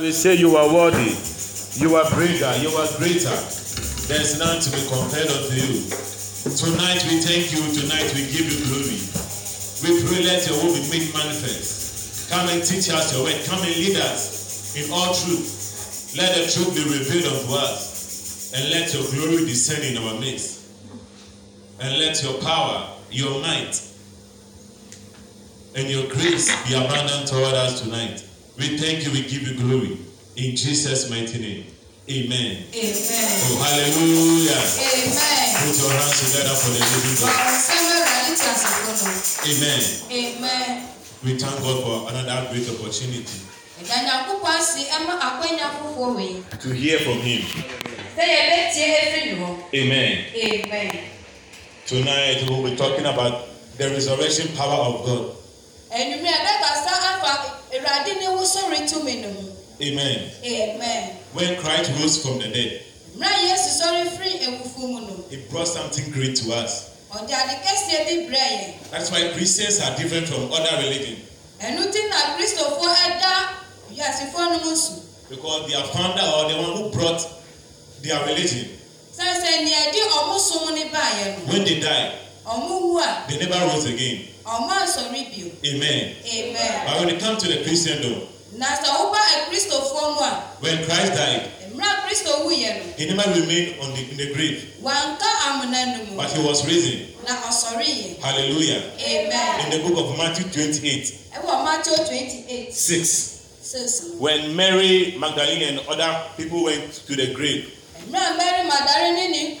We say you are worthy, you are greater, you are greater. There's none to be compared unto you. Tonight we thank you, tonight we give you glory. We pray let your will be made manifest. Come and teach us your way, come and lead us in all truth. Let the truth be revealed unto us, and let your glory descend in our midst. And let your power, your might, and your grace be abundant toward us tonight. We thank you, we give you glory. In Jesus' mighty name. Amen. Amen. Oh, hallelujah. Amen. Put your hands together for the living God. Amen. Amen. We thank God for another great opportunity. To hear from Him. Amen. Amen. Tonight we'll be talking about the resurrection power of God. ɛnum ɛbɛba afa awurade ne wosɔre tumi no amen. amen. when Christ rose from the dead. mmerɛ yesu sɔre firi ewufu mu no. he brought something great to us. ɔde ade kɛseɛ bi brɛ yɛn. that's why Christians are different from other religion. ɛnu ti na kristofoɔ ɛda yasifoɔ no mu su. because their founder or the one who brought their religion. sɛnsɛn ni ɛdi ɔmo sum ni baayɛ no. when they die. They never rose again. Amen. Amen. But when it come to the Christian though, na a e Christo Christendom, when Christ died, Christo he never remained on the, in the grave. But he was risen. Na Hallelujah. Amen. In the book of Matthew 28. Six. When Mary Magdalene and other people went to the grave. Mary Magdalene ni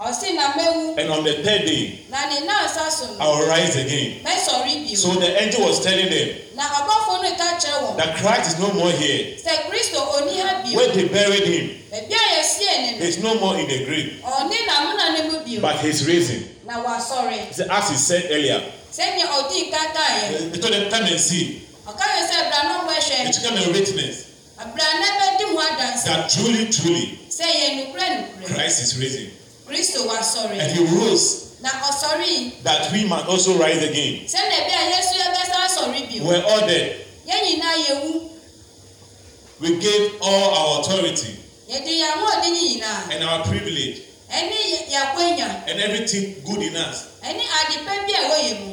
And on the third day, I will rise again. So the angel was telling them that Christ is no more here. Where they buried him, he's no more in the grave. But he's risen. As he said earlier, eh, he told them, Come and see. It became a witness. That truly, truly, Christ is risen. Kristo wa sọrọ. And he rose. Na ọsọrí. Oh, that we might also rise again. We're all dead. We gave all our authority. And our privilege. And everything good in us.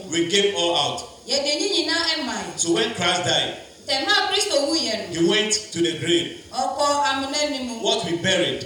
We gave all out. So when Christ died. Oh, he went to the grave. Oh, what we buried.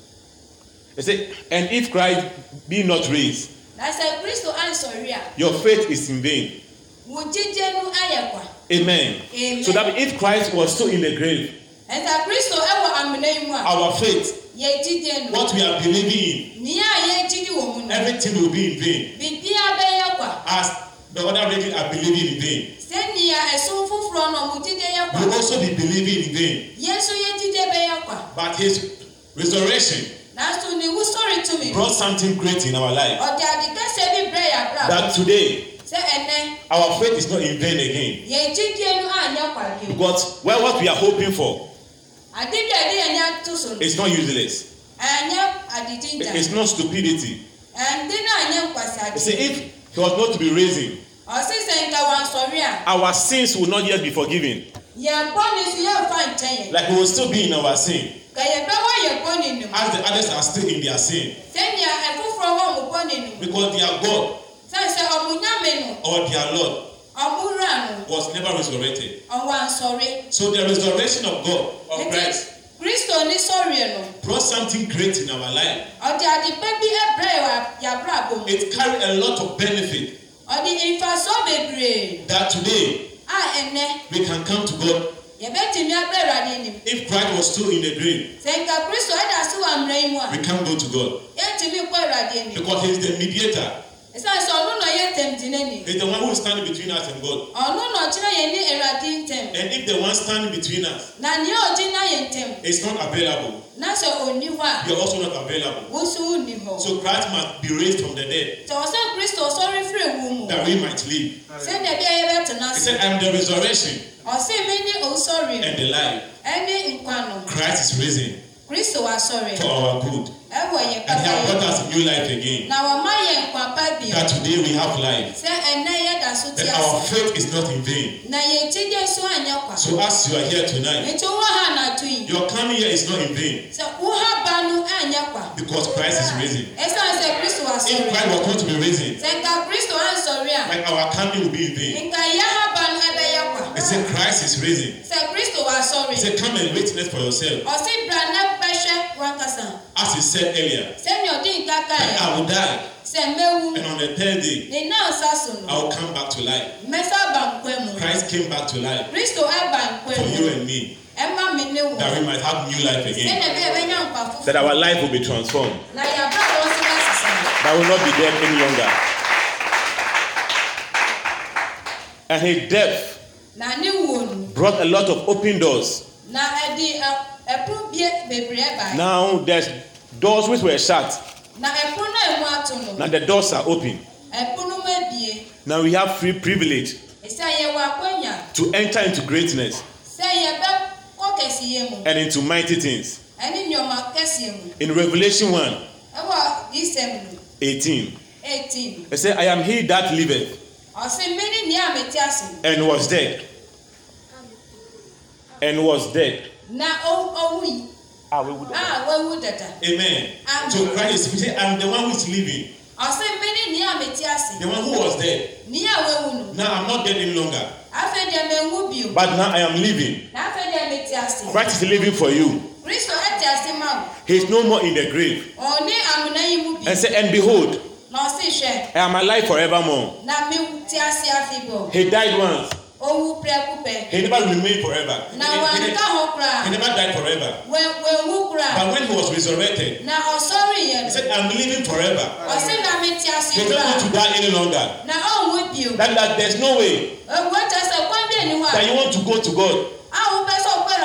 He say, and if Christ be not raised, your faith is in vain. Amen. Amen. So that if Christ was still in the grave, our faith what we are believing in everything will be in vain as the other lady are believing in vain we also be believing in vain but his resurrection As to the story to me. Brought something great in our life. Ọ̀dẹ̀ àdìgẹ́ ṣe bí prayer bra. That today. Ṣé ẹnẹ? Our faith is not in vain again. Yẹn jí kí ẹnu àyàn pàdé. But well, what we are hoping for. Àdìgẹ́ ẹni ẹni àtúnṣe. It's not useless. Ẹ̀yẹ àdìjíjà. It's not stupidity. Ẹ̀ndínú àyàn pàṣẹ. You see if he was not to be raising. Ọ̀sísẹ̀ nǹkan wa sọ̀rí à. Our sins will not yet be forgiven. Yẹn bọ́ ni sí yóò fa ǹjẹ́ Like we will still be in our sin. As the others are still in their sin. E Because their God. Or their Lord. Was never resurrected. So the resurrection of God of Christ. Kristo ní sọ̀rọ̀ ẹ̀ e nù. brought something great in our life. ọ̀dì àdìpẹ́ bí ẹ̀bẹ̀rẹ̀ wà yàgbọ́ àbò. it carry a lot of benefit. ọ̀dì ìfàsọ́ bèbèrè. that today. a ẹ̀nẹ́. we can come to God yɛbɛtumi abɛ awurade anim. if pride was still in the dream. sɛ kristo ɛda so wɔ mmerɛ yi mu we can't go to God. yɛntumi kɔ awurade anim. because he is the mediator. ɛsan sɛ ɔno na ɔyɛ tɛmdinani. he is the one who is standing between us and God. ɔno na ɔkyerɛ yɛn ne awurade ntɛm. and if the one standing between us. na nea ɔgyina yɛn ntɛm. is not available na sɛ hɔ a. you are also not available. woso onni hɔ. so Christ must be raised from the dead. sɛ kristo sɔre firi wu mu. that we might live. sɛdeɛ bi a yɛ bɛ tena so. he said I am the resurrection. ɔsɛ mi ni osɔre. and the life. ɛni nkwa Christ is risen. kristo oh, wa sɔre. for our good. And he has brought us new life again. That today we have life. That our faith is not in vain. So as you are here tonight, your coming here is not in vain. Because Christ is risen. E If Christ was going to be risen, like our coming will be in vain. He said, Christ is risen. He said, Come and witness for yourself. As he said earlier. Sẹ́ni ọdín ìkáká ẹ̀. I will die. Sẹ̀mẹ́wu. And on the third day. Nínú àsásùn. I will come back to life. Mẹ́fà bá ń pẹ́ mu. Christ came back to life. Kristo á bá ń pẹ́ mu. For you and me. Ẹ má mi ní wọ̀. That we might have new life again. Sẹ́ni ẹ̀bẹ́ ẹ̀bẹ́ yàn pa fún. That our life will be transformed. Láyà bá wọn sí bá sísè. That will not be there any longer. And his death. Na ní wò Brought a lot of open doors. Na ẹ di ẹ. Now there's doors which were shut. Now the doors are open. Now we have free privilege to enter into greatness and into mighty things. In Revelation 1 Eighteen. it says, I am he that liveth and was dead. And was dead na ɔwu yi a ah, wawu ah, dada amen so christ we say i'm the one who is living. ɔsè mbɛni ní àmì ase. the one who was dead. ní àwọn ewu nù. now i'm not dead any longer. afɛ di ɛmɛ nwu bi but now i am living. na afɛ di ɛmɛ ti ase. christ is living for you. kristu ɛti e ase ma o. he is no more in the grave. ɔní àmúná yìí mú bi. and say and behold. na ɔsè sɛ. i am alive forevermore. na mi ti ase afi bɔ. he died once owu prɛko pɛ. he never remained forever. na wa nka hɔ kura. he never died forever. wɛ wɛ wu kura. but when he was resurrected. na ɔsɔre yɛ. he said i'm living forever. ɔsi na mi ti ase kura. he don't want to die any longer. na ɔn wo bio. that that there's no way. ewu ɛtɛ sɛ kwan bi eni wa. that you want to go to God. awo pɛ sɛ o pɛ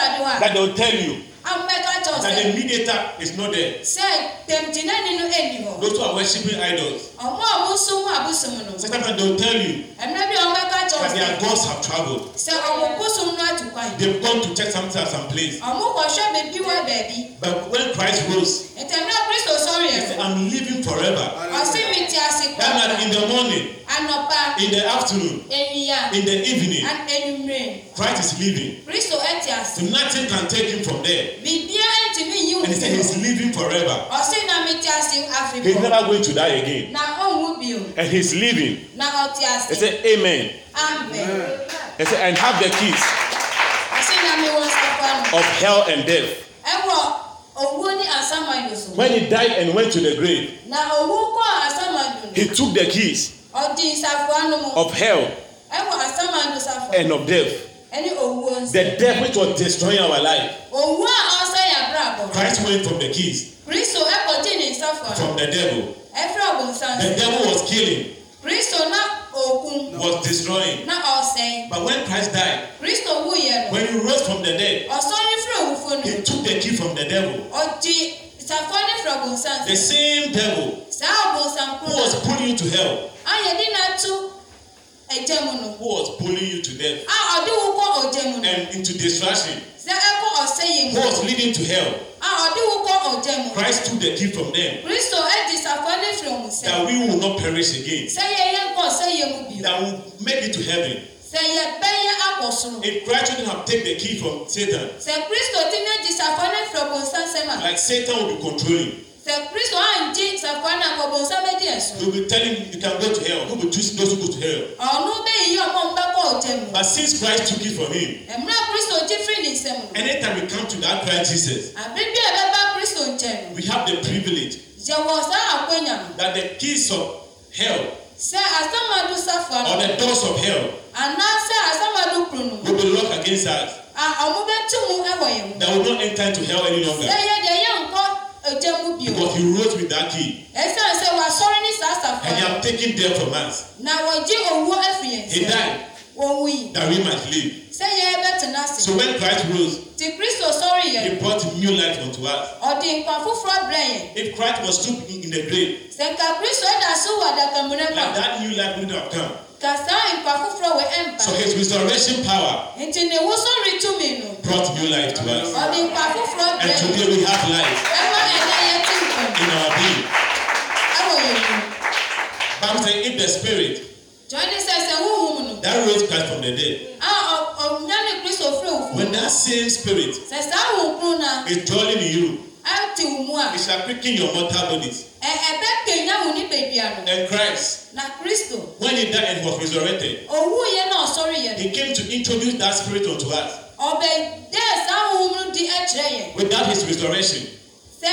that they will tell you. awo pɛ ka that the mediator is not there. sẹ tẹmtìnẹni nu ẹni those who are worshiping idols. ọmọ abosomu abosomu no. sometimes they will tell you. ẹnna bí wọn bá that their gods have traveled. sẹ ọmọ bosom náà tún wáyé. they have gone to check something at some place. ọmọ kò ṣọ́ bèbí wá bẹ̀ẹ̀bí. but when Christ rose. ìtẹ̀mí Kristo sọ̀rọ̀ yẹn. he said I'm living forever. ọ̀sìn mi ti àsìkò. that night in the morning. anọpa. in the afternoon. ènìyàn. in the evening. and enumerate. Christ is living. Kristo ẹ ti àsìkò. nothing can take him from there. bìbí And he said he's living forever. He's never going to die again. And he's living. He said, Amen. Amen. He said, and have the keys of hell and death. E When he died and went to the grave, he took the keys of hell e and of death. The death which was destroying our life abrabọ. Christ went from the keys. Kristo ẹkọ jí ní nsọfọ. From the devil. Ẹfẹ́ ọ̀bùnsán. The devil was killing. Kristo na òkun. Was destroying. Na ọ̀sẹ̀yìn. But when Christ died. Kristo wú yẹrẹ. When he rose from the dead. Ọ̀sán ní fúlò òwúfo nù. He took the key from the devil. Ọjì ìsàfọ́ ní fúlò òbùnsán. The same devil. Sáà òbùnsán kúrò. Who was pulling you to hell. Ayọ̀dínà tún ẹ̀jẹ̀ mu Who was pulling you to death. A ọ̀dínwó kọ́ And into destruction. What leading to hell? Ah, Christ took the gift from them. Christ from That we will not perish again. That will make it to heaven. If Christ didn't have taken the key from Satan, like Satan would be controlling sɛ kristo angye safoa na akɔbɔnsa bɛdi ɛso. you be telling you can go to hell who be choose those who go to hell. ɔno bɛyi yɛ ɔmɔ nbɛ kɔ but since Christ took it from him. ɛmúra kristo jí firi ní nsɛm. anytime we come to that Christ Jesus. àbíbí ẹ bẹ bá kristo nkyɛn. we have the privilege. jẹwọ sáà àkóyàn. that the keys of hell. sɛ asamadu safoa. or the doors of hell. anaasɛ asamadu kunu. will be locked against us. a ɔmo bɛ tí mu ɛwɔ yẹn. that we no enter into hell any longer. sɛ yɛ ojemu bio. because you rose with that key. ẹsẹ̀ ṣe wà sọ́rí ní sàásàfà. and you have taken them from us. na wọ́n jí owó ẹ̀fìn yẹn. he died. òun yìí. that we might live. sẹ́yìn ẹbẹ̀ tẹ̀lé àṣẹ. so when Christ rose. ti Kristo sọ́rí yẹn. he brought new life unto us. ọ̀dì nǹkan fúnfúnra bẹ̀rẹ̀ yẹn. if Christ was still in the grave. sẹ̀ka Kristo ẹ̀dá sùn wà dàkàmúrẹ́mà. like that new life would have come. So his restoration power brought new life to us. And today we have life in our being. Bible says, if the spirit that raised Christ from the dead, ah, when that same spirit is joining you, ɛte wo mu a. it your mortal bodies. ɛ ɛbɛ kenya wo ni bedua no. and Christ. na Christo. when he died and was resurrected. owu yɛ na ɔsɔre yɛ. he came to introduce that spirit unto us. ɔbɛ dɛ saa ohun di ɛkyerɛ yɛ. without his resurrection. sɛ.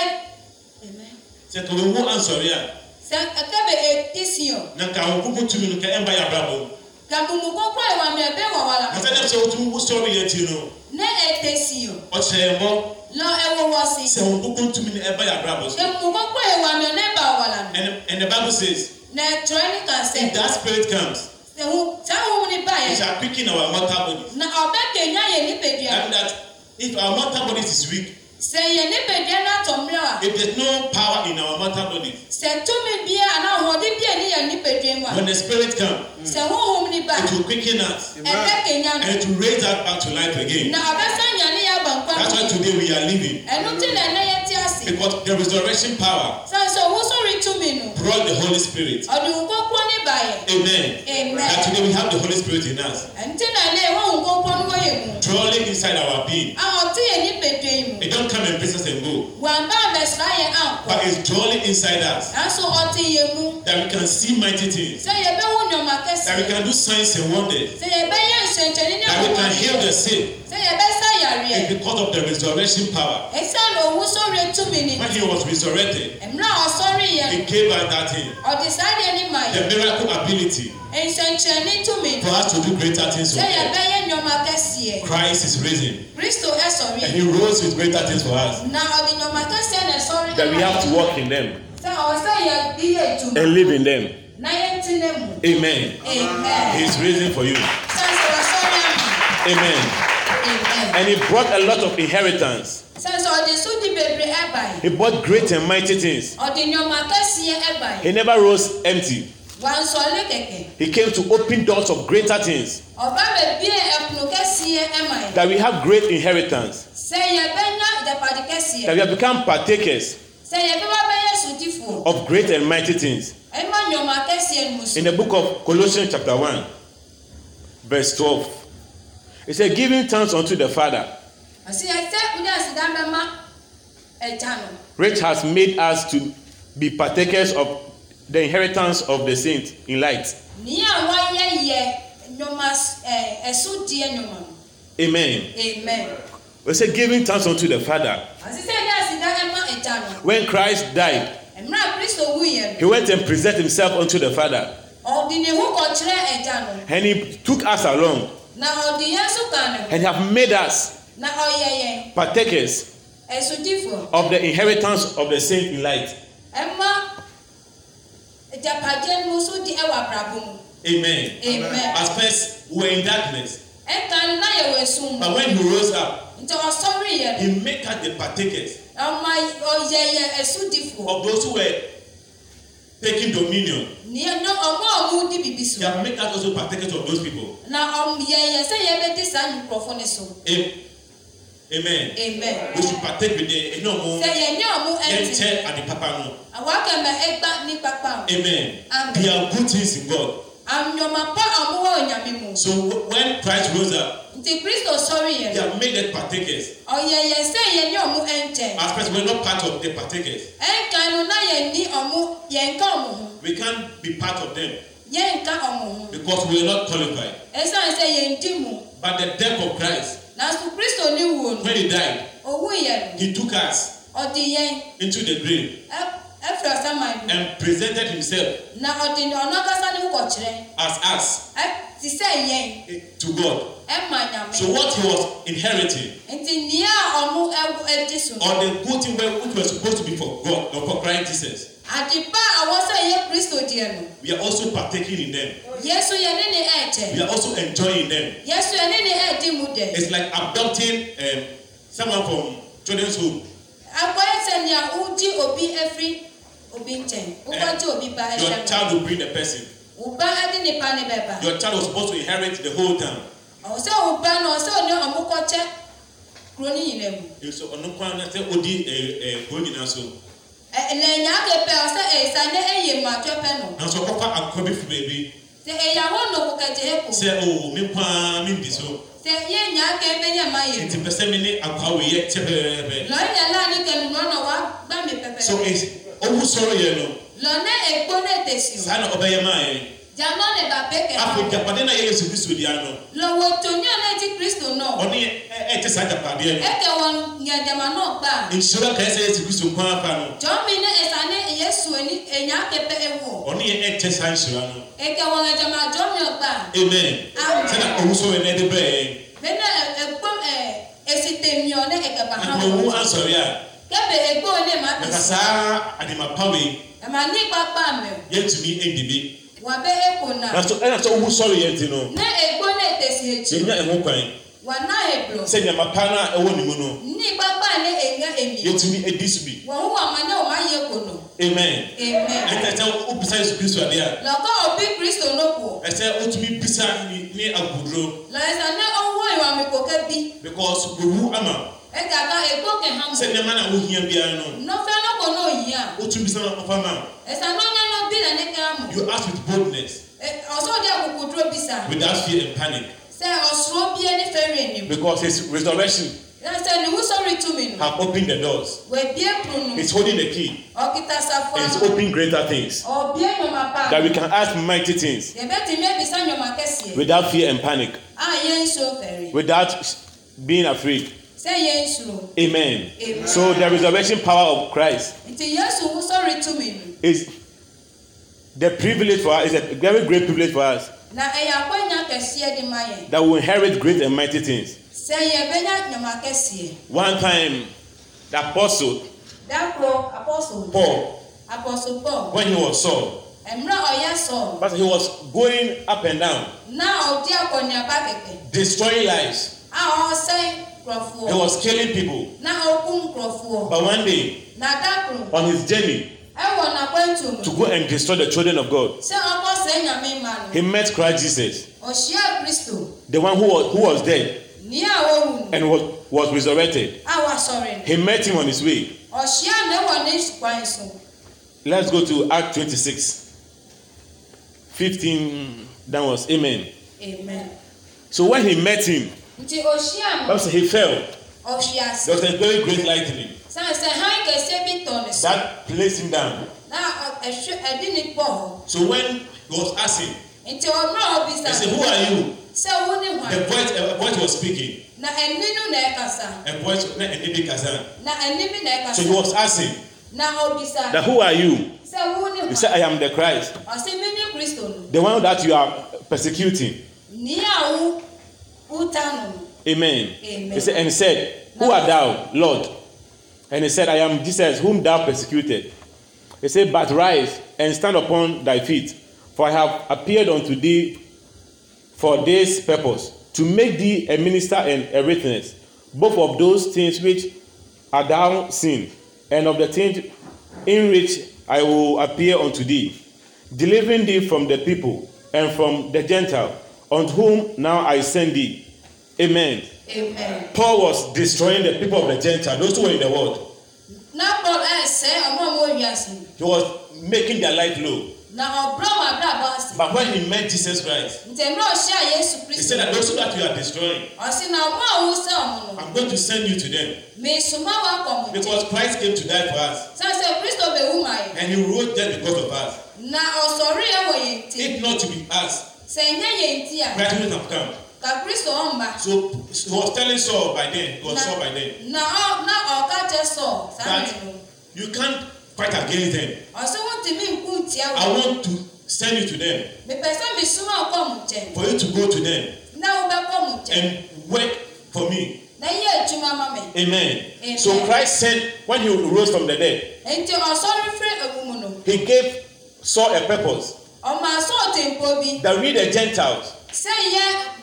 sɛ kò lè wo ansɔre a. sɛ ɛkɛ bɛ eti si yɔ. na ka o kúkú tumi ka ɛ ba yà bá bɔ. kàbùmù kókó ìwà mi ɛbɛ wà wà la. àtẹnudẹ sɛ o tún sɔrɔ yɛ ti nù. ne ete si yɔ. ɔsɛ bɔ na ɛwɔ wɔ si. sɛ wɔn koko tumi na ɛba yɛ abrabɔ so. nkun koko ewa mi ne ba wala mi. and and the bible says. na tɔɔni kan sɛ. if that spirit comes. sɛwo sáwọn wuli ba yɛ. it shall quicken our mortal body. na ɔbɛ kenya yɛ ni bedua. that means that if our mortal body is weak. sɛ yɛ ni bedua na tɔ mìíràn if there is no power in our mortal body. sɛ tumi bia ana ɔdi bia ni yɛ ni bedua wa. when the spirit come. sɛwo wuli ba. it will quicken us. ɛbɛ kenya na. and it raise us back to life again. na ɔbɛ sɛ yɛn. That's why today we are living. Because the resurrection power So to brought the Holy Spirit. Amen. Amen. That today we have the Holy Spirit in us. Drawing inside our being. It don't come and business and go. But it's drawing inside us. That we can see mighty things. That we can do signs and wonders that we can heal the sick. And because of the resurrection power. When he was resurrected. He gave us that thing. The miracle ability. For us to do greater things for him. Christ is risen. And he rose with greater things for us. That we have to walk in them. And live in them. Amen. Amen. He's raising for you. Amen. Amen. And he brought a lot of inheritance. He bought great and mighty things. He never rose empty. He came to open doors of greater things. That we have great inheritance. That we have become partakers of great and mighty things. In the book of Colossians, chapter 1, verse 12, it says, Giving thanks unto the Father, which has made us to be partakers of the inheritance of the saints in light. Eh, Amen. Amen. We say, Giving thanks unto the Father. When Christ died, He went and presented himself unto the Father. And he took us along. And have made us partakers of the inheritance of the saint in light. Amen. Amen. As first we were in darkness. But when he rose up, he made us the partakers ọmọ ọyẹyẹ ẹsùndìfò. of those who were taking dominion. ní ẹnu ọmọ ọmú di bìbí so. yàrá make us also partakers of those people. na ọmọyẹyẹ sẹyẹ bẹ di sáà nìkọ̀ọ̀fọ́ ni so. amen. amen. we should partake with the ẹni ọmọ. sẹyẹ ní ọmọ ẹntì. yẹn tẹ àdì pápá nù. àwọn akẹ́mẹ ẹgbà ní pápá. amen. amen. They are good things in God. àmì ọmọ pa ọmọ wọn ò nyàmí mu. so when Christ rose up. Nti Kristo sori yẹn. They are made the partakers. Ọ̀yẹ̀ yẹn sẹ́ yẹn ní ọ̀mú ẹ̀ǹtẹ̀. As person we are not part of the partakers. Ẹ̀ǹkan nu náà yẹn ní ọ̀mú yẹn ká ọ̀mú We can't be part of them. Yẹn ká ọ̀mú Because we are not qualified. Ẹ̀sán sẹ́ yẹn dì mú. But the death of Christ. Nasu Kristo ní wò When he died. Owó yẹn. He took us. Ọ̀dì yẹn. Into the grave. Ẹ̀fẹ̀ ọ̀sán máa ń. And presented himself. Na ọ̀dì ọ̀nà kásá ni wọ́n kọ̀ kyerẹ́. As us. Ẹ ti sẹ yẹn. Eh, to God. ẹ ma nyame. so what he was inheriting. nti ní a ọmú ẹdí so. on the good thing wey which was supposed to be for God not for Christ Jesus. àdìbá àwọn sọ yẹ kristo diẹ nù. we are also partaking in them. yẹsu yẹ ní ni ẹ jẹ. we are also enjoying them. yẹsu yẹ ní ni ẹ dín mu dẹ. it's like adopting um, someone from children's home. agbọ́yẹ̀ sẹ́ni a ń jí òbí ẹ fi òbí ń tẹ̀ ń wọ́n jí òbí bá ẹ your child will bring the person. Your child was supposed to inherit the whole town. Oh, so ọgbà náà ọsẹ òní ọmọkọchẹ kuro ní yìnyín mu. èso ọ̀nùkọ́ náà ṣe ó di ẹ̀ so. ẹ ẹnìyàn akẹpẹ ọsẹ ẹsẹ ní ẹyẹ mu àtọpẹ nù. náà sọ kọ́kọ́ akọ bí fi bèbí. sẹ ẹyàwó eh, nù kò kẹjẹ ẹ kù. sẹ o oh, mi paa mi bì so. sẹ yẹ ẹnyà akẹ ẹbẹ yẹ má yẹ. ètí pẹsẹ mi ní akọ àwọn yẹ tẹ pẹrẹpẹrẹ. lọ́ọ̀yà láàrin kẹlùmọ́ náà wà gbàmì pẹpẹrẹ. so eh, owó sọ̀rọ̀ yẹn náà lɔnɛ ekpone tesi o. saa na ɔbɛyɛ maa yɛ. jama ne ba pe kɛ. afɔ japade na yɛ yesu kristu di ano. lɔwɔtɔ nyɔnu eti kristu nɔ. ɔni ɛ ɛ ti saa japadeɛ eke wɔn nyadama nɔ gba. nsira ka ɛsɛ yesu kristu nkɔn afa no. jɔn mi ne ɛsa ne yesu ni enya pepe ewu. ɔni ɛ ti saa nsira no. eke wɔn nyadama jɔn mi gba. amen. amen. sɛ na owuso yɛ n'ɛdi bɛɛ. bɛ na ekpɔ ɛ esite miɔ ne ekeba ha. ɛna owu ne ma. nka saa adimapa ma ní pápá mi. yẹtùmí èdìbí. wà bẹ wabee náà. na. ẹna sọ wú sọrọ yẹn ti nù. ní ègbó náà tẹsí ètò. ènìyàn ẹ̀hún kwan. wà náà èbùrọ. sẹ nyàmà pa náà ẹwọ ni mu nù. ní pápá ní ènìyàn e èmi. E yẹtùmí èdí e sùn bi. wọ́n wà má náà wọ́n ayé kò nù. amen. amen. ẹ tẹ́tẹ́ o bisa Yesu Kristo adé a. Kristo ló kù. ẹ tẹ́ o tún bí bisa ní aguduro. lọ́yẹ̀sán ɛgaba ekpo kɛham. sɛ nneɛma na wohia biara no. nɔfɛ nɔkɔ na ohia. wotumi sɛ ɔfa ma. ɛsanwanya no bi na ne kan mu. you ask with boldness. ɔsɔ de akokoduro bisa. without fear and panic. sɛ ɔsoro bie ne fɛrɛ enim. because his resurrection. sɛ ne wusɔre tumi no. have opened the doors. wɛbie kunu no. is holding the key. ɔkita safa. is opening greater things. ɔbie nyɔma pa. that we can ask mighty things. yɛbɛtumi ebisa nyɔma kɛseɛ. without fear and panic. a yɛn nso fɛrɛ. without being afraid. Amen. Amen. So the resurrection power of Christ oh, is the privilege for us, is a very great privilege for us. That we inherit great and mighty things. One time, the apostle, Paul, apostle Paul, when he was Saul, but he was going up and down, destroying lives. Ah, oh, He was killing people. But one day, on his journey, to go and destroy the children of God, he met Christ Jesus, the one who was, who was dead and was, was resurrected. He met him on his way. Let's go to Act twenty-six, 26 15 downwards. Amen. Amen. So when he met him, nti ohyia mu. he fell. ɔhyia ase. there was a very great lightning. sáà hàn kẹsẹ bi tọ ne that placed him down. na ɛhwɛ ɛdi ni bɔ so when he was asking. nti ɔno a ɔbisa. he said who are you. sɛ wo ni hwan. the voice a voice was speaking. na ɛni no na ɛkasa. E a voice na ɛni bi kasa. na ɛni bi na ɛkasa. E so he was asking. na ɔbisa. that who are you. sɛ wo ni hwan. he said I am the Christ. ɔsɛ mi kristo oh the one that you are persecuting. ní àwọn. Amen. Amen. He said, and he said, Who art thou, Lord? And he said, I am Jesus, whom thou persecuted. He said, But rise and stand upon thy feet, for I have appeared unto thee for this purpose, to make thee a minister and a witness, both of those things which are thou seen, and of the things in which I will appear unto thee, delivering thee from the people and from the Gentile, unto whom now I send thee Amen. Amen. Paul was destroying the people of the Gentile, those who were in the world. Na Paul ẹ eh, sẹ́ ọmọ mi ò yà He was making their life low. Na ọ̀bùrọ̀ wà bẹ̀rẹ̀ bá sí. But when he met Jesus Christ. Ntẹ̀mí náà ṣe àyè Yesu Christ. He said that those that you are destroying. Ọ̀sìn náà ọmọ àwọn sẹ́ ọmọ nù. I'm going to send you to them. Mi sùnmọ́ wa pọ̀ mọ́. Because Christ came to die for us. Sẹ́sẹ̀ Kristo bẹ̀ wú màá yẹ. And he rose there because of us. Na ọ̀sọ̀rí ẹ̀wọ̀ yẹn ti. If not to be us. Sẹ̀yìn yẹn ti à. Christ would have come kakuri sọọ mba. so he was telling Saul by then he was Saul by then. na ọ na ọ ka kyerɛ Saul saa you can't fight against them. ọsọ ti mi nkun tia wọn. I want to send you to them. mipẹsẹ mi suma ọkọ mu nkyɛn. for you to go to them. na o bɛ kɔ mu nkyɛn. and work for me. na yẹ adwuma ma mi. amen. so Christ said when he rose from the dead. nti ọsọrin firi ewumu no. he gave Saul a purpose. ọmọ asọ ti mpọ bi. that we the Gentiles. sẹ́yìn yẹ.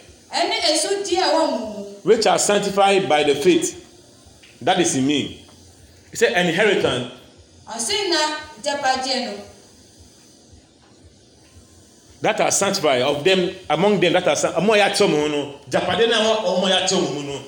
ẹni èso díẹ̀ wọ́n mu. which are sanctified by the faith that is in me he say an inheritance. ọ̀sìn na jẹ́pàjẹ́ nù. that are sanctified of them among them that are ọmọ ya tọ́ mu no jàpàdé náà ọmọ ya tọ́ mu no.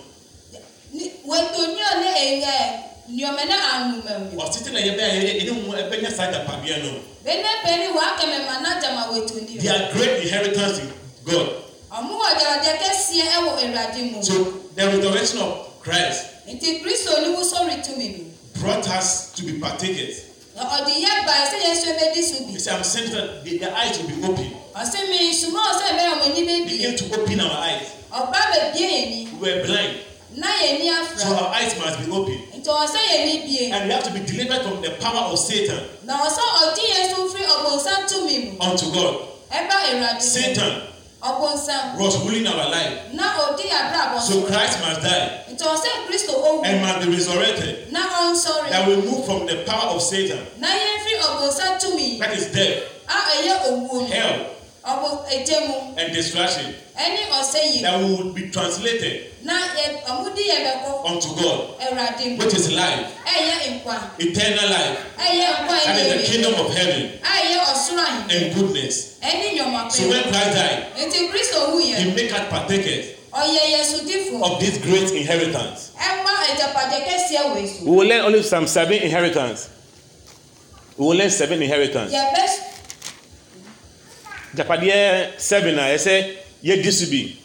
wẹ́ntoni ọ̀ ní ẹ̀yà ẹ̀ nneɛma na ahoma mu. ɔtete na yɛbɛn yɛ ɛni mu ɛbɛnya saa japadeɛ no. bɛnɛ bɛnni wa akɛmɛ ma na jama wetu ni. their great inheritance in God ɔmo wɔ dɔrɔdeɛ kɛseɛ ɛwɔ awurade mu. so the resurrection of Christ. nti kristo oniwusori tumi mi. brought us to be partakers. ọdún yẹn gba ẹsẹ yẹn sọ ẹbẹ di bi. he said i'm saying that the, the eyes will be open. ọsẹ mi sùnmọ́ ọsẹ mi àwọn ẹni bẹ bi. begin to open our eyes. ọba bẹ bie yẹn ni. we were blind. Now yẹn ni afra. so our eyes must be open. ntọ́ ọsẹ yẹn ni bie. and we have to be delivered from the power of Satan. na ọsọ ọdún yẹn sún fún ọgbọ̀nsá túnmí mu. unto God. ẹ bá ìrọ̀lẹ́. Satan ọ̀pọ̀nsẹ̀m. was ruling our life. na òdi àdúrà bọ̀. so Christ must die. ìtọ̀sẹ̀ kristo ó. and must be resurrected. na ọ̀n sọ̀rọ̀. that will move from the power of Satan. na yẹn fi ọ̀pọ̀nsẹ̀ túmí. that is death. a ẹ̀yẹ e òwú. hell ọbọ ejemu. and distraction. ẹni ọsẹ yìí. that would be translated. na yẹ ọmú di yẹ bẹ kọ. unto God. ẹwurade mu. which is life. ẹ yẹ nkwa. eternal life. ẹ yẹ nkwa ẹ yẹ. that the kingdom of heaven. ẹ yẹ ọsùnrà yìí. and goodness. ẹni yọmọ pẹ. so when Christ died. nti kristo wu yẹ. he make us partakers. ọyẹ yẹsu dìfọ. of this great inheritance. ẹ má ẹjọpàjẹ kẹsì ẹ wẹ sùn. we will learn only some seven inheritance. we will learn seven inheritance. yẹ agyapadeɛ seven a ɛsɛ yɛdi so bi.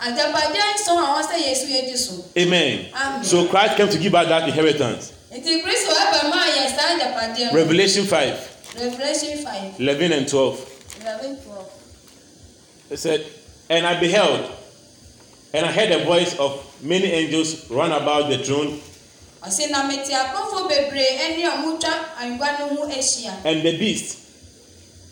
agyapadeɛ nson a wɔn sɛ yesu yɛdi so. amen. amen so christ came to give us that inheritance. nti kristu ɛbɛ mu a yɛ saa agyapadeɛ. revolution five. revolution five. eleven and twelve. eleven twelve. it said and i beheld and i heard the voice of many angels run about the throne. ɔsi na mete akɔfo bebree ɛni a twa angua no ho and the beast.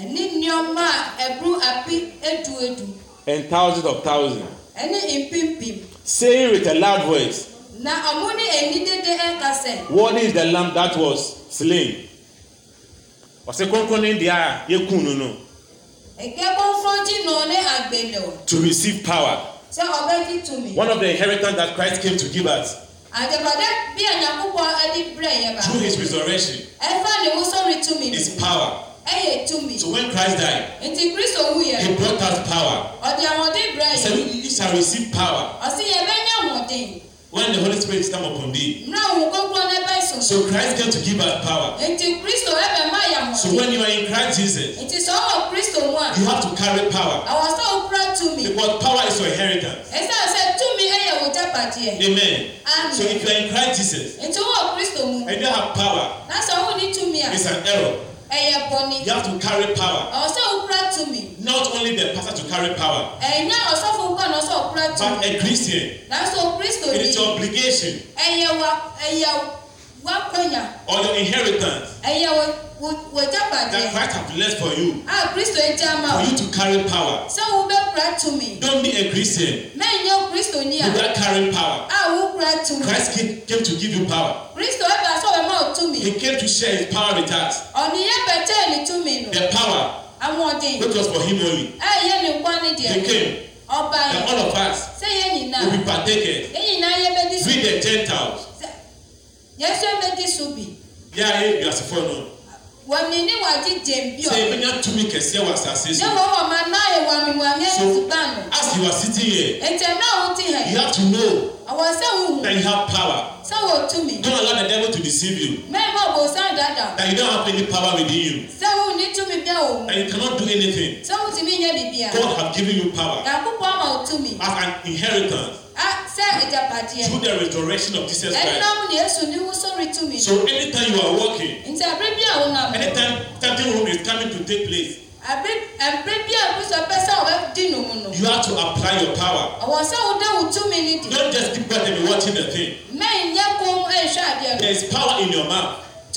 ɛne nneɛma a ɛburu api edu edu. and thousands of thousands. ɛne mpimpim. saying with a loud voice. na ɔmo ne eni dede ɛka sɛ. what is the lamb that was slain. ɔsɛ kɔnkɔn ne deɛ a yɛkun no no. to receive power. to me. One of the inheritance that Christ came to give us. Through his resurrection. His power ɛyɛ tumi. so when Christ died. nti kristo wu yɛ. he brought out power. ɔdi ahoɔden brɛ yɛ. he said you shall receive power. ɔsi yɛ bɛ nyɛ ahoɔden. when the holy spirit come upon thee. mìíràn òun kókó ní ẹbẹ ìsòsò. so Christ came to give us power. nti kristo ẹbẹ má yà mọ̀. so when you are in Christ Jesus. nti sọ wọ kristo mu you have to carry power. àwọn sọ wọn kúrò tumi. because power is your inheritance. ẹsẹ ọsẹ tumi ẹyẹ wò jápàdé. amen. amen. so if you are in Christ Jesus. nti wọ kristo mu. and you have power. na sọ wọn ní tumi a. it's an error ɛyɛ bɔnni. you have to carry power. ɔsɛ okura me." not only the pastor to carry power. ɛnyɛ ɔsɔfo nkɔ na ɔsɛ okura tumi. but a christian. naso kristo ni. it is your obligation. ɛyɛ wa ɛyɛ wa kɔnya. or your inheritance. ɛyɛ wa wòjá bàjẹ́. that Christ have left for you. a ah, kristo ẹ jẹ́ àmà. for you to carry power. sáwọn bẹ to me. don't be a Christian. May mẹ́rin yóò kristo ní à. without carrying power. a wò kura tumi. Christ came, came to give you power. kristo ẹ bá sọ̀rọ̀ to me. he came to share his power with us. ọ̀nìyẹn bẹ̀tẹ̀ ẹ̀ ní me no. the power. àwọn ọ̀dẹ̀. which was for him only. ẹ yẹ nìkan ni díẹ̀. he came ọba yìí. all of us. ṣé yẹn nyina. we be partakers. yẹn nyina yẹ bẹ di subi. we the gentiles. yẹn sọ bẹ di subi. yà á yẹ ìgbàsífọ́ náà wɔmini wɔgye gyembi ɔ. sɛ ebinya tumi kɛseɛ wɔ asase so. ne wo wɔ ma na yɛ wɔmi wɔmi ɛtuba no. as you are sitting here. ntɛ na o ti hɛ. you have to know. ɔwɔ sɛ o that you have power. sɛ o tumi. don't allow the devil to deceive you. mɛmɔ bò sàn dada. that you don't have any power within you. sɛ o ni tumi o. and you cannot do anything. sɛ ti mi nyɛ bibiya. God have given you power. as an inheritance. Ah, Through the restoration of Jesus Christ. So anytime you are walking, anytime something wrong is coming to take place, you have to apply your power. Don't just keep quiet be watching the thing. There is power in your mouth.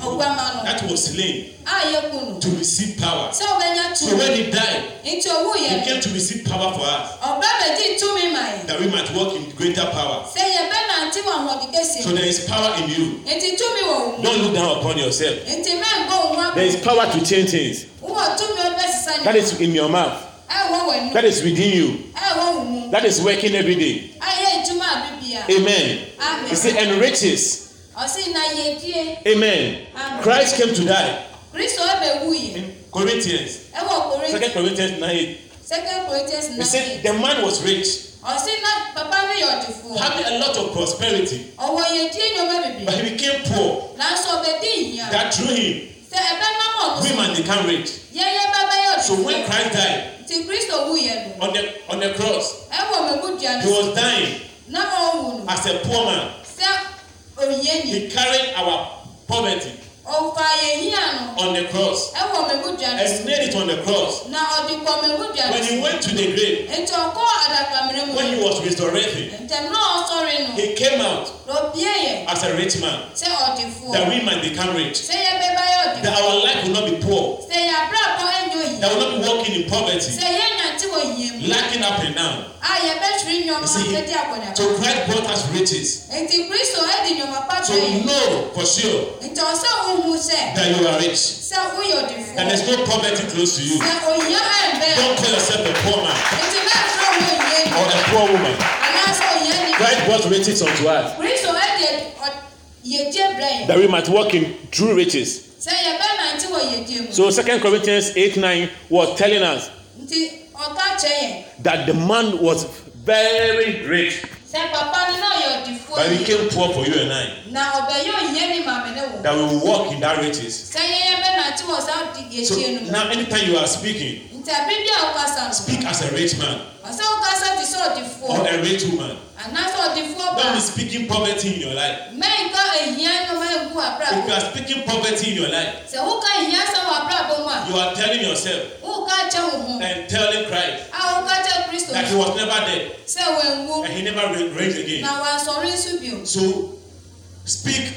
that was slain to receive power. So when he died, he came to receive power for us. That we might walk in greater power. So there is power in you. Don't look down upon yourself. There is power to change things. That is in your mouth. That is within you. That is working every day. Amen. Amen. You see, and riches. Amen. Christ came to die. In Corinthians. Second Corinthians 9. Second Corinthians 9. He said the man was rich. Having a lot of prosperity. But he became poor. That drew him. Women man become rich. So when Christ died. On the on the cross. He was dying. As a poor man. He carried our poverty on the cross. Has made it on the cross. When he went to the grave, when he was resurrected, he came out as a rich man. That we might become rich. That our life will not be poor. That will not be working in poverty. Lacking up and down. You see, to Christ brought us riches. To for sure that you are rich. And there's no poverty close to you. Don't call yourself a poor man or a poor woman. Christ what riches unto us. That we might walk in true riches. So Second Corinthians eight nine was telling us that the man was very rich. But he came poor for you and I that we will walk in that riches. So now, anytime you are speaking, speak as a rich man or a rich woman. Don't be speaking poverty in your life. If you are speaking poverty in your life, you are telling yourself and telling Christ that he was never there and he never raised again. So Speak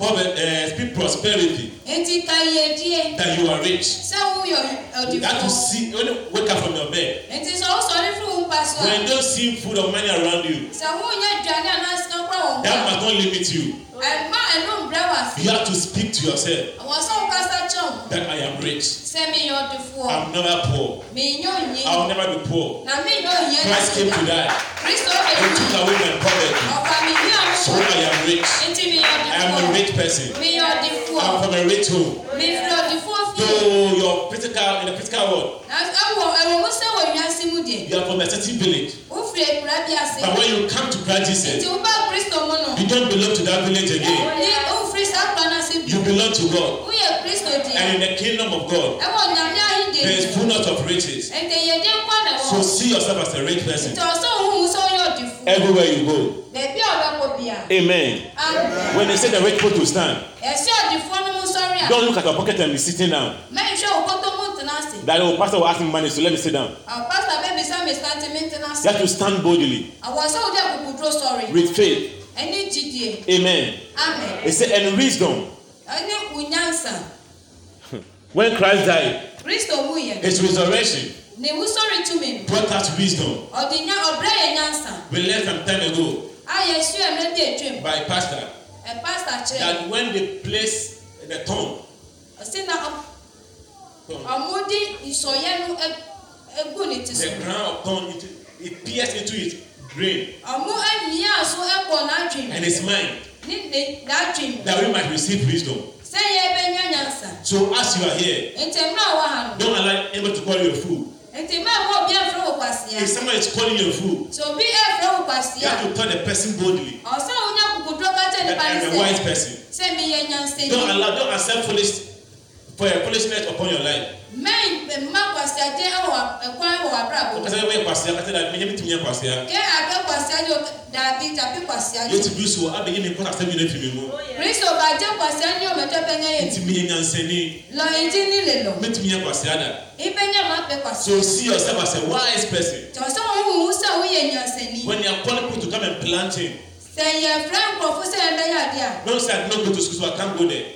uh, speak prosperity. Eti ka iye díẹ̀. That you are rich. Ṣé òun yọ òdìbò? That you see when wake up from your bed. Ètí sọ ó sọrí fún òun pàṣọ. When you don see food or money around you. Ṣé òun yẹ ìdáná náà sọ pé òun. That must not limit you. You have to speak to yourself that I am rich. I'm never poor. I'll never be poor. Christ came to die. He took away my poverty. So I am rich. I am a rich person. I'm from a rich home. to your physical in the physical world. ẹwọ ẹwọ wọ́n sẹ́wọ̀ ìyánsí mu díẹ̀. you are from a certain village. ó fi èkúrá bí ase. but when you come to Christ Jesus. ètò bá kristo mú nù. you don't belong to that village eh, again. ẹ̀wọ̀n ní ó fi sápánà sí. you belong to God. ó yẹ kristo di. and in the kingdom of God. ẹwọ nyàmé ayíǹde. there is fullness of riches. ètè yẹ̀dẹ̀ ń kọ́ àdàwọ̀. so see yourself as a rich person. ìtọ̀sọ̀ òhun sọ́yọ̀ dì fún. everywhere you go. bẹ̀ẹ̀bí ọ̀rẹ́ kò bíà. amen. amen. when they say the rich people to stand. ẹ̀sìn Don't look at your pocket and be sitting down. Make sure you put That your pastor will ask me money, so let me sit down. Pastor, me to You have to stand boldly. I was story. With faith. Any Amen. Amen. It said, and wisdom. when Christ died, his resurrection sorry to me. brought us wisdom. We learned some time ago ah, by pastor A pastor church. that when they place ɛbɛtɔn. ɔsi na ɔmudi ìsɔyɛ nu egu ne ti so. the ground turn it it pierce into its brain. ɔmu emiya so ɛkɔ n'adwin. and it's mine. ne ne n'adwin. that we might receive wisdom. sɛ yɛ bɛ nya nyansa. so as you are here. ntɛmura wa ha don't allow anybody to call you a fool. Nti mmaa mu obi afro wò If someone is calling you a So obi afro wò kwasia. You have to call the person boldly. Ọ̀sán òun yà kúkú dúró kájẹ́ nípa ní And a wise person. Sẹ́mi yẹn yan sẹ́yìn. Don't allow don't accept foolish for your punishment upon your life. Mẹ́rin mma kwasia jẹ́ ẹwọ ẹ̀kọ́ ẹwọ abúlé. Ọ̀kasẹ́ wọ́n yẹ kwasia kátẹ́ dàbí mi yẹ́ mi tún yẹ kwasia. Kẹ́ àgbẹ̀ kwasia yóò dàbí tàbí kwasia yóò. Yóò ti dùn so abẹ yé mi kọ́ àtẹ́mi ní fi mi mú. Kristo bá jẹ́ kwasia ní ọ̀mẹ́tọ́ bẹ́ẹ̀ yẹ. Mi ti mi yẹ nyansẹ́ni. Lọ ìdí nílé lọ. Mi ti mi yẹ kwasia dà. Ibẹ̀ yẹ máa pẹ kwasia. So see yourself as a wise person. Tọ̀sán wọn wù ú sẹ́ wọ́n yẹ nyansẹ́ni. When you are calling people to come and plant in. Sẹ̀yẹ̀ fúlẹ̀ nkọ̀fún sẹ́yẹ̀ bẹ́yà díà. No sir, I no go to school so I can't go there.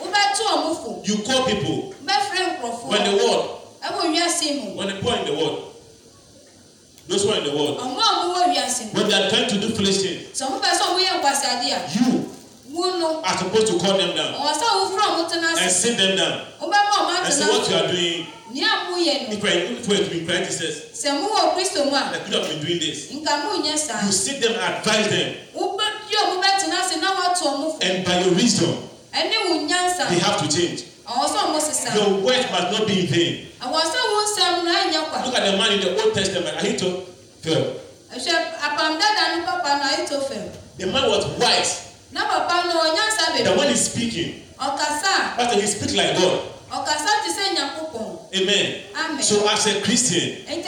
wobɛto ɔmofo. you call people. bɛfrɛ nkurɔfoɔ. when the world. ɛwɔ wiase mu. when the poor in the word, Those who are in the world. Àwọn àwọn wọ wiase mu. When they are trying to do foolish things. Sọ fún bẹ́ẹ̀ sọ wọ́n yẹ nkwasadeɛ. You. Wúno. Are supposed to call them down. Wọ́n sọ wọ́n fúnra wọn tẹ́ná sí. And sit them down. Wọ́n bá bá wọn tẹ́ná sí. And say what you are doing. Ní àmú yẹn nù. If I even for it be crying Jesus. Sẹ̀mú wọ Kristo mu a. I could have been doing this. Nka mú yẹn sá. You sit them advise them. Wọ́n bá yóò mú bẹ́ẹ̀ tẹ́ná sí náà wọ́n tó ọmú fún. And by your wisdom. They have to change. Your word must not be in vain. Look at the man in the Old Testament, Ahithophel. The man was wise. The one is speaking. But he speaks like God. Amen. Amen. So as a Christian, when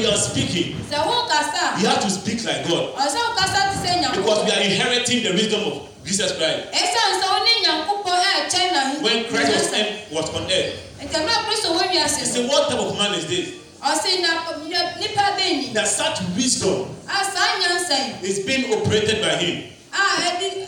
you are speaking, you have to speak like God. Because we are inheriting the wisdom of Jesus Christ. Ɛsan sɛ ɔne nyankopɔ a ɛkyɛn na. When Christ was on earth. Ntɛmɛ Kristo wɔ wiase. He said what type of man is this? Ɔsi na nipa bɛ ni. such wisdom. A saa Is being operated by him. A ɛdi.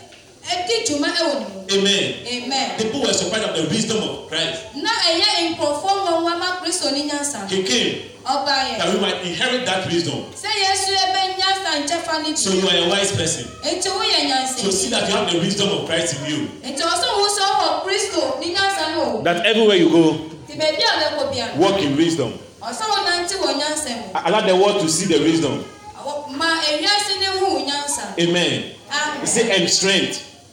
Edi juma ɛwɔ ne mu. Amen. Amen. People were surprised at the wisdom of Christ. Na ɛyɛ nkurɔfoɔ wɔn wɔn ama Kristo ni nyansa. He came. Ɔba That we might inherit that wisdom. Sɛ Yesu ɛbɛ e nyansa nkyɛfa ni bi. So you are a wise person. Nti wo yɛ nyansa. So see that you have the wisdom of Christ in you. Nti ɔsɔ wo sɔ wɔ Kristo ni nyansa ni That everywhere you go. Ti bɛbi a bɛ kɔ bia. Work in wisdom. Ɔsɔ wo nante wɔ nyansa mu. Allow the world to see the wisdom. Ma ewia si ni hu nyansa. Amen. Amen. He say and strength.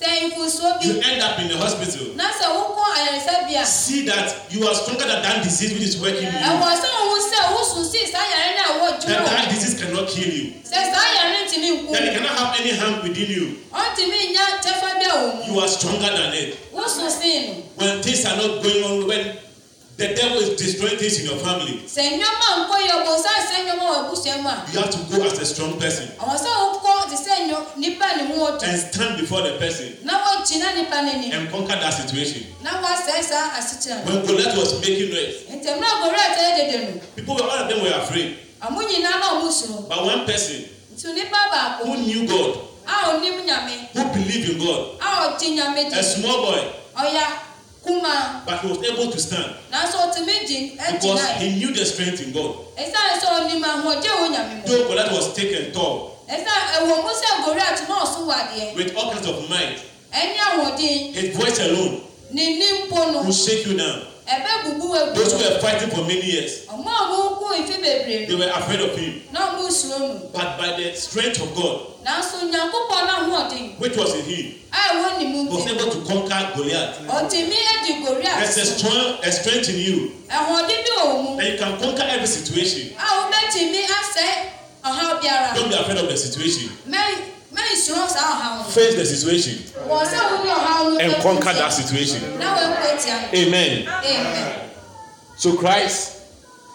you end up in the hospital. Eh, see that you are stronger than that disease which is working you. ɛwɔ sɛ ohun sɛ osun si saa yare na awɔ juro. that that disease cannot kill you. sɛ saa yare ti mi ku. it cannot have any harm within you. ɔ ti mi nya tɛfɛ bɛ o. you are stronger than it. wosun si. when things are not going on when. The devil is destroying things in your family. Sẹ̀ nyọ́mọ̀ nkọ́ yẹ kò sá sẹ́ nyọ́mọ̀ wọ̀ ẹ̀kúṣẹ́ mu a. You have to go as a strong person. Àwọn sẹ́ kọ́ ti sẹ́ nyọ nípa ni wọ́n tó. And stand before the person. Na jìnnà nípa ni ni. And conquer that situation. Na wọ́n sẹ́ When Goliath was making noise. Ntẹ̀mú náà Goliath ẹ̀ dẹ̀dẹ̀ nù. People were all of them were afraid. Àmú nyinaa náà mú sùn. But one person. Ntù nípa baako. Who knew God? A ò ní nyàmé. Who believed in God? A ò ti nyàmé di. A small boy. Oh, yeah. Kuma. But he was able to stand. Eh, Because he knew the strength in God. E e Though Goliath was taken tall. E With all kinds of might. His voice alone. Will shake you down ẹbẹ bubu ebu. those who were fighting for many years. ọmọ àwọn kú ìfẹ́ bèbèrè. they were afraid of him. náà mú ìṣòro nù. but by the strength of God. nanso nyankopɔ n'ahu ɔdi. which was in him. a ɛwɔ ne mu bi. was able to conquer Goliath. ɔtìmí ɛdi Goliath. there is a strong a strength in you. ɛhɔndi bi wɔ and you can conquer every situation. a wọ́n bẹ tìmí asẹ́ ọ̀hán biara. don't be afraid of the situation. mẹ́rin. Face the situation and conquer that situation. Amen. Amen. So Christ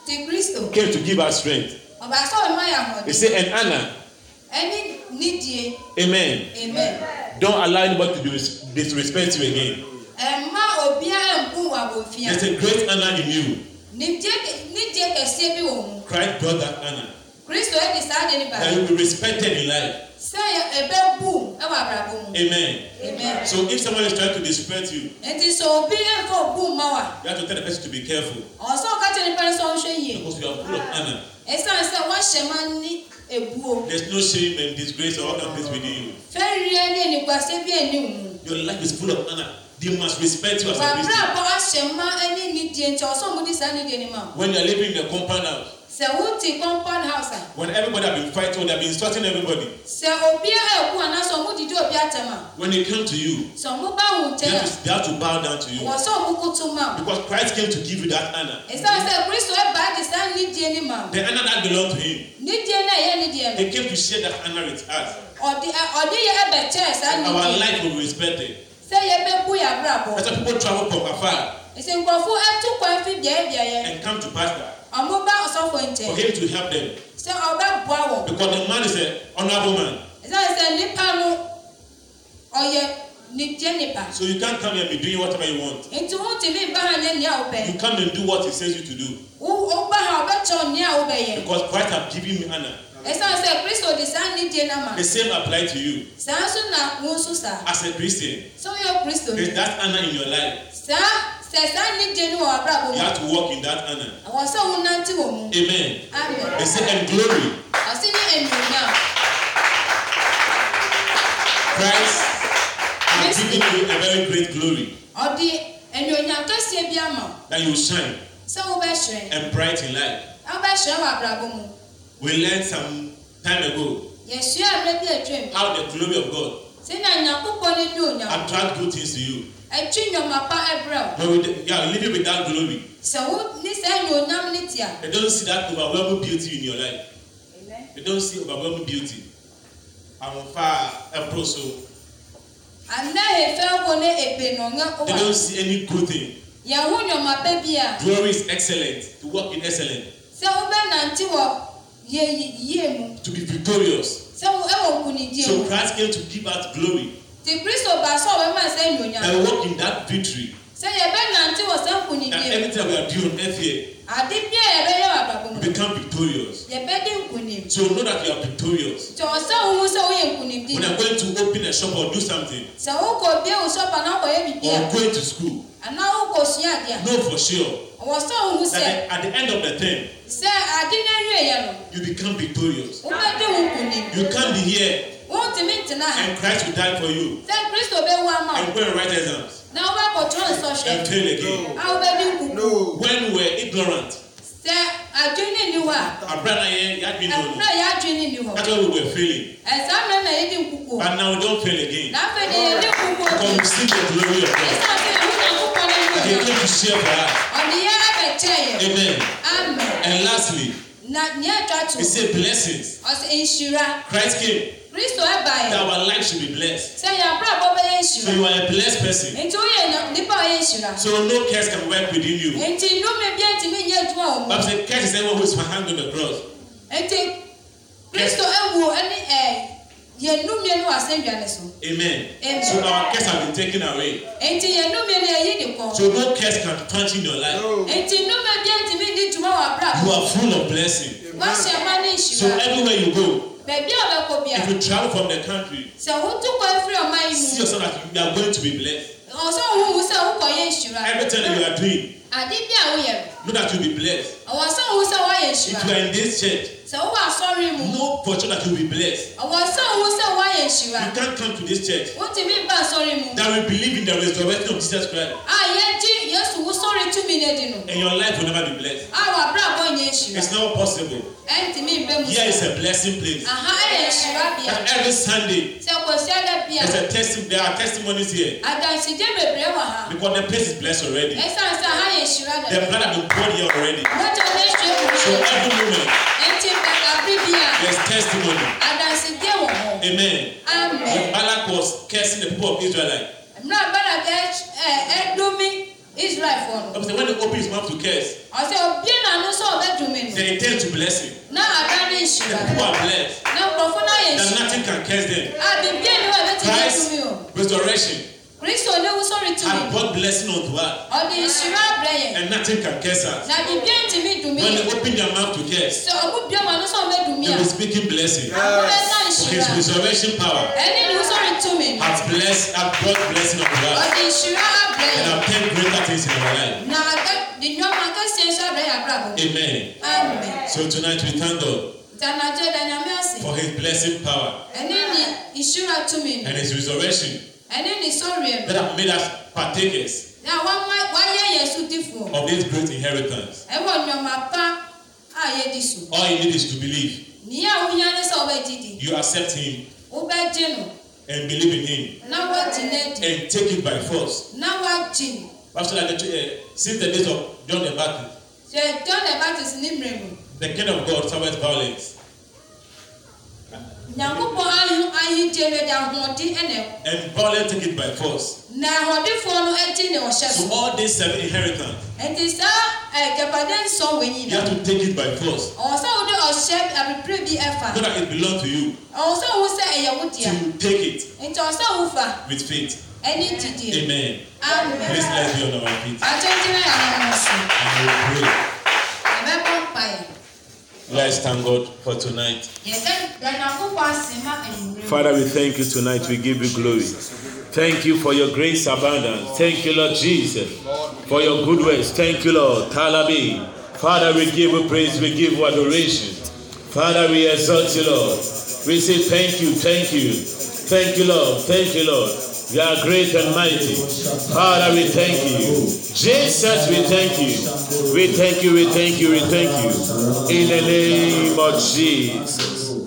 came to give us strength. He said, and Anna. Amen. Amen. Don't allow anybody to disrespect you again. There's a great honor in you. Christ brought that honor kristo edi saa de ni ba. and you will be respected in life. sẹ ẹbẹ bu ẹwà abrabọ mu. amen. amen. so if someone is trying to disrespect you. eti sọ obi ẹ fọ bu ma wa. you have to tell the person to be careful. ọ̀sán ọ̀kàtà nípa ẹni sọ ọ́n ṣe yìí. because you are full of honour. ẹ̀sán ẹ̀sán wọ́n ṣẹ̀ máa ń ní ebuo. there is no shame and disgrace or other things within you. fẹ́ẹ́ rí ẹni ẹnìgbàsẹ́ bí ẹni wù. your life is full of honour they must respect you as a christian. bàbá àbọ̀ àṣẹ̀ máa ẹni ní diẹ ntẹ̀ ọ̀sán mo ní sàn ní diẹ ni ma. when you are living in a compound house sɛ wote compound house a. when everybody have been fighting when they have been insulting everybody. sɛ obi a ɛku ana sɛ ɔmo didi obi atɛm a. when they come to you. sɛ ɔmo bá wọn tẹ. they have to bow down to you. wọ́n sọ ɔmo kutu ma. because Christ came to give you that honor. ɛsan sɛ kristo ɛba de san nidie ni ma. the honor that belong to him. nidie na ɛyɛ nidie no. he came to share that honor with us. ɔdi ɔdi yɛ ɛbɛ kyɛ san nidie. our life will be respected. sɛ yɛ bɛ bu yɛ abúlé abɔ. as people travel from afar. ɛsɛ nkurɔfo ɛtu kwan fi biɛ biɛ yɛ. and come to pastor ọmọ bá ọsọfọ ntẹ. for him to help them. sẹ ọbẹ bua wọ. because the man is a honourable man. sẹ sẹ nípa nu ọyẹ ni jẹ nípa. so you can come here and be doing whatever you want. nti wọn ti mi bá ha ní ní bẹ. you come and do what he says you to do. o bá ha ọbẹ tọ ní àwọn bẹ yẹn. because Christ have given me honor. ẹsan sẹ kristo di san ni die nama. the same apply to you. san so na wọn so sa. as a christian. so yóò kristo. is that honor in your life. san. You have to work in that honor. Amen. Amen. They say, and glory. Christ has given you a very great glory. That you shine. And bright in life. We learned some time ago. E how the glory of God attract good things to you ɛtwi nyɔma pa ɛbrɛ o. but with yeah living without glory. sɛ wo ní sɛ ɛyọ onyam ní tia. they don't see that overwhelming beauty in your life. Amen. they don't see overwhelming beauty. àwọn fa ɛpro so. àná èfẹ́ wo ní èpè nọ̀ngá ó wà. they don't see any good thing. yàwó nyɔma pẹ́ bí a. glory is excellent to work in excellent. sɛ wo bɛ nante wɔ yie mu. to be victorious. sɛ wo ɛwɔ nkunidie mu. so Christ came to give us glory ti kristo ba sọ ọbẹ máa sẹ ìyọnyà. and walk in that victory. sẹ yẹ bẹ nantí wọ sẹ nkunyi bíi. and anytime we are due on earth here. adi bíi ẹ bẹ yẹ àdàbọ mu. become victorious. yẹ bẹ di nkunyi. so know that you are victorious. jọ sẹ ohun sẹ oyè nkunyi bíi. when i going to open a shop or do something. sẹ o kò bí ewu shop àná kò yẹ bìbí. or going to school. àná o kò sùn àdìyà. No, for sure. wọ sọ ohun sẹ. at the end of the term. sẹ adi náà yóò yẹ lọ. you become victorious. o bẹ di nkunyi. you can't be here. And Christ will die for you. And go and write exams. And fail again. No. When we were ignorant. sɛ adwene ni hɔ a. abira na yɛ yadwene ni hɔ. abira yɛ adwene ni hɔ. that's why we were failing. ɛsan mɛ na yɛ di nkukuo. but now we don fail again. n'afɛ de yɛ di nkukuo. come see the glory of God. ɛsan fɛ ɛmu na ko kɔnɛ ni hɔ. yɛ to se fa. ɔni yɛ abɛ amen. amen. and lastly. na nyɛ twa to. he say blessings. ɔsɛ nsira. Christ came. Kristo ɛba yɛ. that our life should be blessed. sɛ yɛ abúlé abọ́ bẹ́yẹ ìṣúra. so you are a blessed person. nti o yɛ nipa ɔyɛ ìṣúra. so no curse can work within you. nti inú mi bí ẹtì mi yẹ ju àwọn. Bible say curse is anyone who is hang on the cross. nti Kristo ewu ɛni ɛ yẹnu mienu asẹnduane so. amen. amen. so our curse have been taken away. nti yẹnu mienu ẹyí ni kọ. so no curse can punch in your life. nti inú mi bí ẹtì mi di jùmọ̀ wà abúlé abọ́. you are full of blessing. wọ́n ṣe ọmọ ní ìṣúra. so everywhere you go baabi a ɔbɛkɔ bia. if you travel from the country. sɛ wotu kɔ efiri ɔman yi mu. see yourself that you are going to be blessed. ɔsɔn wo wu sɛ wokɔ yɛ nsira. everything that you are doing. ade bi a woyɛ. know that you will be blessed. ɔwɔ sɔn wo sɛ wɔyɛ nsira. if you are in this church sɛ wo ba mu. no portion that you will be blessed. ɔwɔ sɛ owó sɛ wá yɛ you can't come to this church. o ti mi ba asɔre mu. that we believe in the resurrection of Jesus Christ. a ah, yɛ jí Yesu wosɔre túnmí ne di nu. and your life will never be blessed. a wà àbọ̀ yɛ nhyira. it's not possible. ɛn ti mi bɛ mu. here is a blessing place. aha ɛyɛ nhyira bia. and every Sunday. sɛ kò sí ɛdɛ bia. a testimony there are testimonies here. àgànsìjẹ́ bèbèrè wà ha. because the place is blessed already. ɛsan sɛ aha yɛ nhyira dɛ. the blood of the body already. wọ́n jẹ́ ọ̀dẹ́ There's testimony. Amen. Amen. Balak was cursing the people of Israel. Eh, eh, Israel for no. When he open his mouth to curse. Ọ̀sẹ̀ òbí nànú sọ ọ̀bẹ dùn mí nù. They intend to bless him. Náà I ní ìṣirà. The people are blessed. Náà nkurọ̀fọ́ náà yẹ ìṣirà. nothing can curse them. Àbí bí ẹni wà bẹ́ẹ̀ ti dé Christ oh. restoration kristo olówó sórí tu mi. and God blessing unto her. ọ̀dì ìṣirò àbẹ̀ yẹn. and nothing can curse her. na bìbí ẹ̀ ti mi dùn mí. when they open their mouth to curse. sọ òkú bí ọmọ ọdún sọ̀rọ̀ mẹ́dùn mí. they will speak in blessing. àwọn ẹ̀ náà his resurrection power. ẹni ìlú sórí tu mi. has blessed has brought blessing unto her. ọ̀dì ìṣirò àbẹ̀ yẹn. and have ten greater things in our life. na àgbẹ̀ ìyọ́mọ akẹ́sì ẹ̀ṣọ́ àbẹ̀ yẹn àbúrò. amen. amen. so tonight we thank God. For his blessing power. And his resurrection ɛne ne sɔreɛ that made us partakers. na wɔma wɔyɛ yɛn so difo. of this great inheritance. ɛwɔ nneɛma pa a yɛdi so. all you need is to believe. ní a wúnyá ní sọ wọ́n ti you accept him. wọ́n bẹ jẹ́ and believe in him. na wọ́n ti di. and take it by force. na wọ́n ti pastor like the uh, since the days of john the baptist. the john the baptist ní mìíràn. the kingdom of god serves violence nyankopɔn ayi ayi gye de ahoɔden ɛna and violent take it by force. na ahoɔdenfoɔ no ɛgye ne ɔhyɛ so. so all these seven inheritance. ɛnti saa ɛgyapade nsɔn wɔn nyinaa. you have to take it by force. ɔwɔ sɛ wɔde ɔhyɛ abibire bi ɛfa. so that it belong to you. ɔwɔ sɛ wɔn sɛ ɛyɛ wo dea. to take it. nti ɔwɔ sɛ wɔn fa. with faith. ɛni didi. amen. amen. please let's be on our feet. atwere gyina yàrá wọn so. ɛbɛ bɔ mpa Let's thank God for tonight. Father, we thank you tonight. We give you glory. Thank you for your grace abundance. Thank you, Lord Jesus, for your good works. Thank you, Lord. Talabi. Father, we give you praise. We give you adoration. Father, we exalt you, Lord. We say thank you, thank you. Thank you, Lord. Thank you, Lord. You are great and mighty. Father, we thank you. Jesus, we thank you. We thank you, we thank you, we thank you. In the name of Jesus.